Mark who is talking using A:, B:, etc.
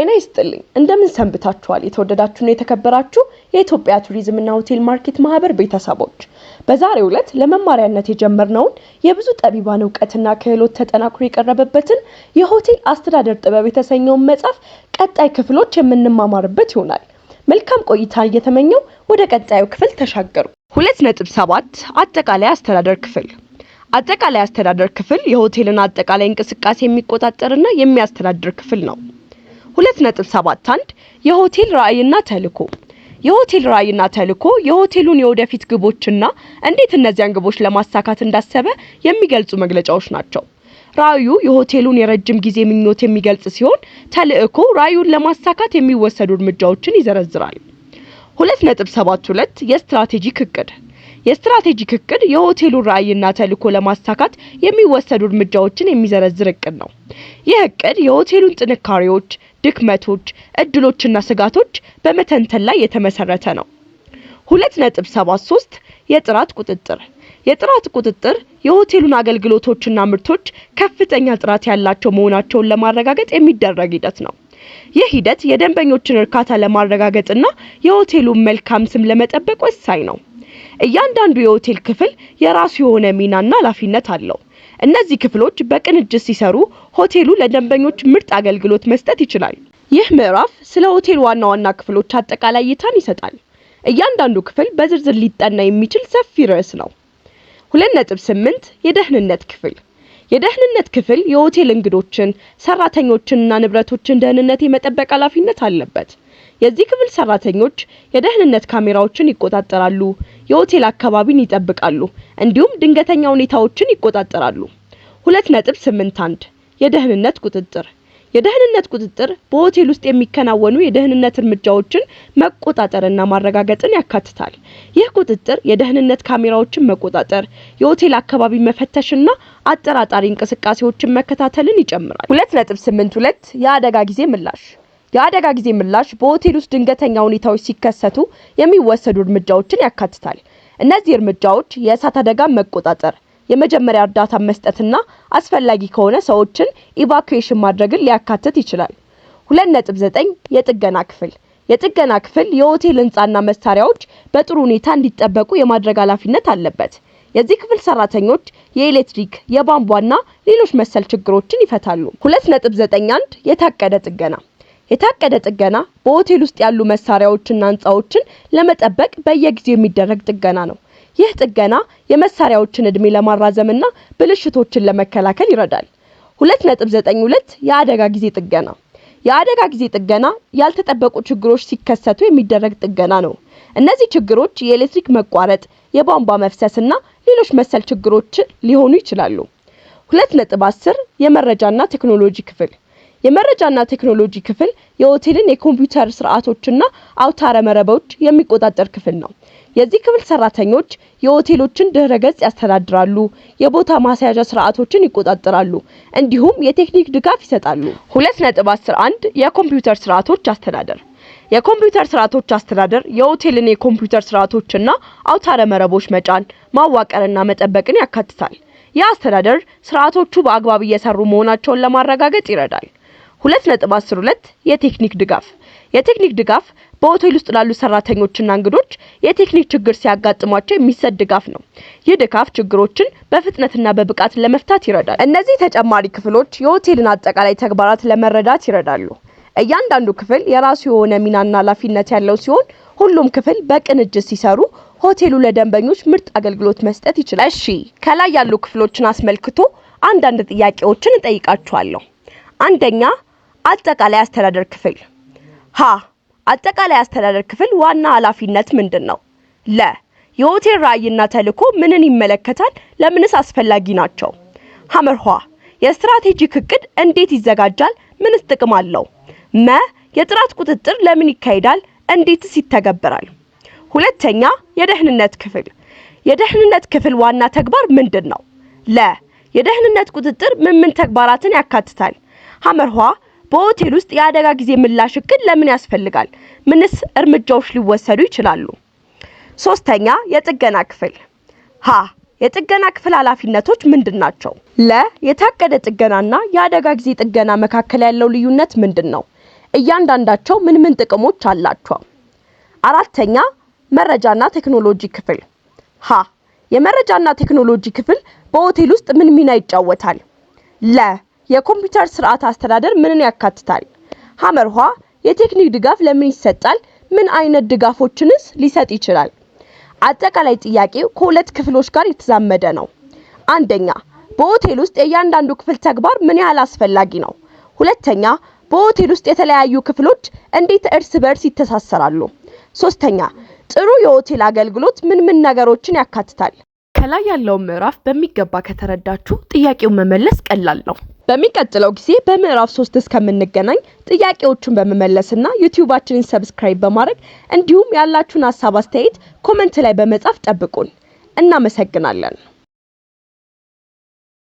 A: ጤና ይስጥልኝ እንደምን ሰንብታችኋል? የተወደዳችሁና የተከበራችሁ የኢትዮጵያ ቱሪዝምና ሆቴል ማርኬት ማህበር ቤተሰቦች በዛሬው ዕለት ለመማሪያነት የጀመርነውን የብዙ ጠቢባን እውቀትና ክህሎት ተጠናክሮ የቀረበበትን የሆቴል አስተዳደር ጥበብ የተሰኘውን መጽሐፍ ቀጣይ ክፍሎች የምንማማርበት ይሆናል። መልካም ቆይታ እየተመኘው ወደ ቀጣዩ ክፍል ተሻገሩ።
B: ሁለት ነጥብ ሰባት አጠቃላይ አስተዳደር ክፍል አጠቃላይ አስተዳደር ክፍል የሆቴልን አጠቃላይ እንቅስቃሴ የሚቆጣጠርና የሚያስተዳድር ክፍል ነው። 2.71 የሆቴል ራዕይና ተልዕኮ የሆቴል ራዕይና ተልዕኮ የሆቴሉን የወደፊት ግቦችና እንዴት እነዚያን ግቦች ለማሳካት እንዳሰበ የሚገልጹ መግለጫዎች ናቸው። ራዕዩ የሆቴሉን የረጅም ጊዜ ምኞት የሚገልጽ ሲሆን፣ ተልዕኮ ራዕዩን ለማሳካት የሚወሰዱ እርምጃዎችን ይዘረዝራል። 2.72 የስትራቴጂክ እቅድ የስትራቴጂክ እቅድ የሆቴሉን ራዕይና ተልዕኮ ለማሳካት የሚወሰዱ እርምጃዎችን የሚዘረዝር እቅድ ነው። ይህ እቅድ የሆቴሉን ጥንካሬዎች፣ ድክመቶች፣ እድሎችና ስጋቶች በመተንተን ላይ የተመሰረተ ነው። ሁለት ነጥብ ሶስት የጥራት ቁጥጥር የጥራት ቁጥጥር የሆቴሉን አገልግሎቶችና ምርቶች ከፍተኛ ጥራት ያላቸው መሆናቸውን ለማረጋገጥ የሚደረግ ሂደት ነው። ይህ ሂደት የደንበኞችን እርካታ ለማረጋገጥና የሆቴሉን መልካም ስም ለመጠበቅ ወሳኝ ነው። እያንዳንዱ የሆቴል ክፍል የራሱ የሆነ ሚናና ኃላፊነት አለው። እነዚህ ክፍሎች በቅንጅት ሲሰሩ ሆቴሉ ለደንበኞች ምርጥ አገልግሎት መስጠት ይችላል። ይህ ምዕራፍ ስለ ሆቴል ዋና ዋና ክፍሎች አጠቃላይ እይታን ይሰጣል። እያንዳንዱ ክፍል በዝርዝር ሊጠና የሚችል ሰፊ ርዕስ ነው። 2.8 የደህንነት ክፍል የደህንነት ክፍል የሆቴል እንግዶችን፣ ሰራተኞችንና ንብረቶችን ደህንነት የመጠበቅ ኃላፊነት አለበት። የዚህ ክፍል ሰራተኞች የደህንነት ካሜራዎችን ይቆጣጠራሉ፣ የሆቴል አካባቢን ይጠብቃሉ፣ እንዲሁም ድንገተኛ ሁኔታዎችን ይቆጣጠራሉ። 2.81 የደህንነት ቁጥጥር የደህንነት ቁጥጥር በሆቴል ውስጥ የሚከናወኑ የደህንነት እርምጃዎችን መቆጣጠርና ማረጋገጥን ያካትታል። ይህ ቁጥጥር የደህንነት ካሜራዎችን መቆጣጠር፣ የሆቴል አካባቢ መፈተሽና አጠራጣሪ እንቅስቃሴዎችን መከታተልን ይጨምራል። 2.82 የአደጋ ጊዜ ምላሽ የአደጋ ጊዜ ምላሽ በሆቴል ውስጥ ድንገተኛ ሁኔታዎች ሲከሰቱ የሚወሰዱ እርምጃዎችን ያካትታል። እነዚህ እርምጃዎች የእሳት አደጋ መቆጣጠር፣ የመጀመሪያ እርዳታ መስጠትና አስፈላጊ ከሆነ ሰዎችን ኢቫኩዌሽን ማድረግን ሊያካትት ይችላል። 2.9 የጥገና ክፍል የጥገና ክፍል የሆቴል ህንፃና መሳሪያዎች በጥሩ ሁኔታ እንዲጠበቁ የማድረግ ኃላፊነት አለበት። የዚህ ክፍል ሰራተኞች የኤሌክትሪክ የቧንቧና ሌሎች መሰል ችግሮችን ይፈታሉ። 2.91 የታቀደ ጥገና የታቀደ ጥገና በሆቴል ውስጥ ያሉ መሳሪያዎችና ህንፃዎችን ለመጠበቅ በየጊዜው የሚደረግ ጥገና ነው። ይህ ጥገና የመሳሪያዎችን እድሜ ለማራዘምና ብልሽቶችን ለመከላከል ይረዳል። 2.92 የአደጋ ጊዜ ጥገና የአደጋ ጊዜ ጥገና ያልተጠበቁ ችግሮች ሲከሰቱ የሚደረግ ጥገና ነው። እነዚህ ችግሮች የኤሌክትሪክ መቋረጥ፣ የቧንቧ መፍሰስ እና ሌሎች መሰል ችግሮች ሊሆኑ ይችላሉ። 2.10 የመረጃና ቴክኖሎጂ ክፍል የመረጃና ቴክኖሎጂ ክፍል የሆቴልን የኮምፒውተር ስርዓቶችና አውታረ መረቦች የሚቆጣጠር ክፍል ነው። የዚህ ክፍል ሰራተኞች የሆቴሎችን ድህረ ገጽ ያስተዳድራሉ፣ የቦታ ማስያዣ ስርዓቶችን ይቆጣጠራሉ፣ እንዲሁም የቴክኒክ ድጋፍ ይሰጣሉ። ሁለት ነጥብ አስር አንድ የኮምፒውተር ስርዓቶች አስተዳደር የኮምፒውተር ስርዓቶች አስተዳደር የሆቴልን የኮምፒውተር ስርዓቶችና አውታረ መረቦች መጫን፣ ማዋቀርና መጠበቅን ያካትታል። ይህ አስተዳደር ስርዓቶቹ በአግባብ እየሰሩ መሆናቸውን ለማረጋገጥ ይረዳል። 2.12 የቴክኒክ ድጋፍ የቴክኒክ ድጋፍ በሆቴል ውስጥ ላሉ ሰራተኞችና እንግዶች የቴክኒክ ችግር ሲያጋጥሟቸው የሚሰጥ ድጋፍ ነው። ይህ ድጋፍ ችግሮችን በፍጥነትና በብቃት ለመፍታት ይረዳል። እነዚህ ተጨማሪ ክፍሎች የሆቴልን አጠቃላይ ተግባራት ለመረዳት ይረዳሉ። እያንዳንዱ ክፍል የራሱ የሆነ ሚናና ኃላፊነት ያለው ሲሆን ሁሉም ክፍል በቅንጅት ሲሰሩ ሆቴሉ ለደንበኞች ምርጥ አገልግሎት መስጠት ይችላል። እሺ፣ ከላይ ያሉ ክፍሎችን አስመልክቶ አንዳንድ ጥያቄዎችን እጠይቃችኋለሁ። አንደኛ አጠቃላይ አስተዳደር ክፍል ሀ አጠቃላይ አስተዳደር ክፍል ዋና ኃላፊነት ምንድን ነው? ለ የሆቴል ራዕይና ተልዕኮ ምንን ይመለከታል? ለምንስ አስፈላጊ ናቸው? ሐመርኋ የስትራቴጂክ እቅድ እንዴት ይዘጋጃል? ምንስ ጥቅም አለው? መ የጥራት ቁጥጥር ለምን ይካሄዳል? እንዴትስ ይተገበራል? ሁለተኛ የደህንነት ክፍል የደህንነት ክፍል ዋና ተግባር ምንድን ነው? ለ የደህንነት ቁጥጥር ምን ምን ተግባራትን ያካትታል? ሐመርኋ በሆቴል ውስጥ የአደጋ ጊዜ ምላሽ እቅድ ለምን ያስፈልጋል? ምንስ እርምጃዎች ሊወሰዱ ይችላሉ? ሶስተኛ የጥገና ክፍል ሀ የጥገና ክፍል ኃላፊነቶች ምንድን ናቸው? ለ የታቀደ ጥገናና የአደጋ ጊዜ ጥገና መካከል ያለው ልዩነት ምንድን ነው? እያንዳንዳቸው ምን ምን ጥቅሞች አላቸው? አራተኛ መረጃና ቴክኖሎጂ ክፍል ሀ የመረጃና ቴክኖሎጂ ክፍል በሆቴል ውስጥ ምን ሚና ይጫወታል? ለ የኮምፒውተር ስርዓት አስተዳደር ምንን ያካትታል? ሐመርኋ የቴክኒክ ድጋፍ ለምን ይሰጣል? ምን አይነት ድጋፎችንስ ሊሰጥ ይችላል? አጠቃላይ ጥያቄው ከሁለት ክፍሎች ጋር የተዛመደ ነው። አንደኛ፣ በሆቴል ውስጥ የእያንዳንዱ ክፍል ተግባር ምን ያህል አስፈላጊ ነው? ሁለተኛ፣ በሆቴል ውስጥ የተለያዩ ክፍሎች እንዴት እርስ በርስ ይተሳሰራሉ? ሶስተኛ፣ ጥሩ የሆቴል አገልግሎት ምን ምን ነገሮችን ያካትታል? ከላይ ያለውን ምዕራፍ በሚገባ ከተረዳችሁ ጥያቄውን መመለስ ቀላል ነው። በሚቀጥለው ጊዜ በምዕራፍ ሶስት እስከምንገናኝ ጥያቄዎቹን በመመለስና ዩቲዩባችንን ሰብስክራይብ በማድረግ እንዲሁም ያላችሁን ሀሳብ አስተያየት ኮመንት ላይ በመጻፍ ጠብቁን። እናመሰግናለን።